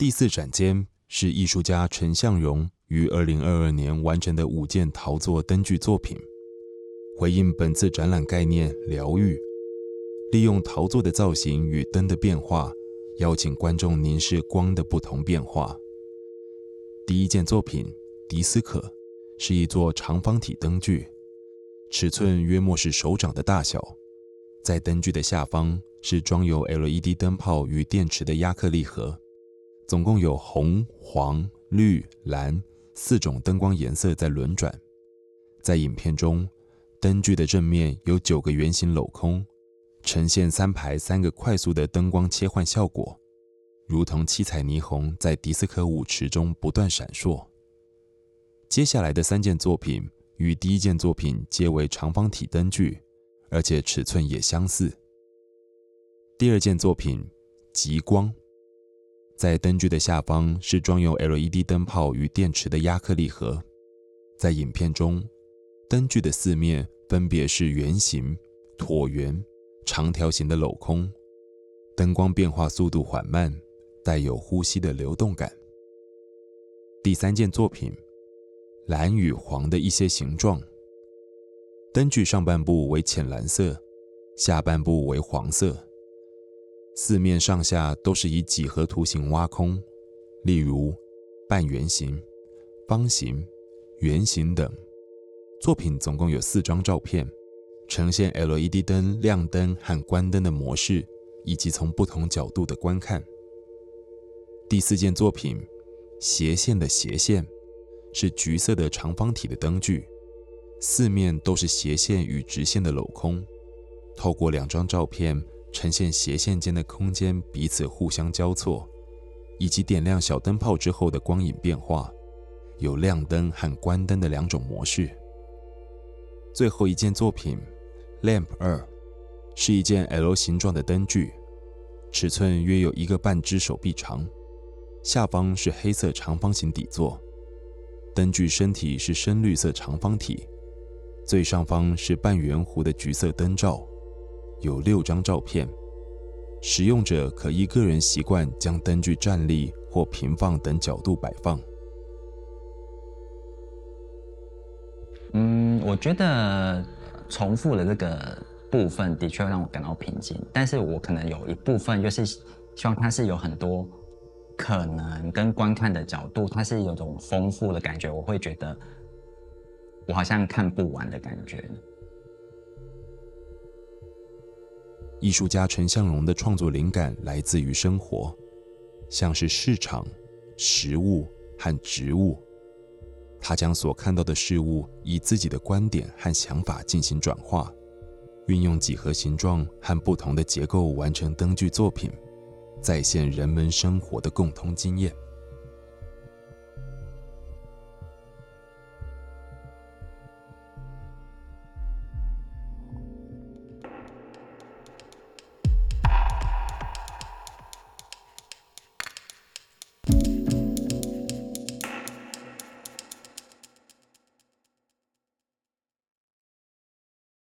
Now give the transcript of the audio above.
第四展間是藝術家陳向榮於二零二二年完成的五件陶作燈具作品，回應本次展覽概念“療癒”，利用陶作的造型與燈的變化，邀請觀眾凝視光的不同變化。第一件作品《迪斯可》是一座長方體燈具，尺寸約莫是手掌的大小，在燈具的下方是裝有 LED 燈泡與電池的壓克力盒。總共有紅、黃、綠、藍四種燈光顏色在輪轉。在影片中，燈具的正面有九個圓形鏤空，呈現三排三個快速的燈光切換效果，如同七彩霓虹在迪斯科舞池中不斷閃爍。接下來的三件作品與第一件作品皆為長方體燈具，而且尺寸也相似。第二件作品，極光。在燈具的下方是裝有 LED 燈泡與電池的壓克力盒。在影片中，燈具的四面分別是圓形、橢圓、長條形的鏤空。燈光變化速度緩慢，帶有呼吸的流動感。第三件作品，藍與黃的一些形狀。燈具上半部為淺藍色，下半部為黃色。四面上下都是以幾何圖形挖空，例如半圓形、方形、圓形等。作品總共有四張照片，呈現 LED 燈亮燈和關燈的模式，以及從不同角度的觀看。第四件作品，斜線的斜線，是橘色的長方體的燈具，四面都是斜線與直線的鏤空，透過兩張照片。呈現斜線間的空間彼此互相交錯，以及點亮小燈泡之後的光影變化，有亮燈和關燈的兩種模式。最後一件作品 Lamp 二，2, 是一件 L 形狀的燈具，尺寸約有一個半隻手臂長，下方是黑色長方形底座，燈具身體是深綠色長方體，最上方是半圓弧的橘色燈罩。有六張照片，使用者可依個人習慣將燈具站立或平放等角度擺放。嗯，我覺得重複了這個部分的確讓我感到平靜，但是我可能有一部分就是希望它是有很多可能跟觀看的角度，它是有種豐富的感覺，我會覺得我好像看不完的感覺。藝術家陳向榮的創作靈感來自於生活，像是市場、食物和植物。他將所看到的事物以自己的觀點和想法進行轉化，運用幾何形狀和不同的結構完成燈具作品，再現人們生活的共通經驗。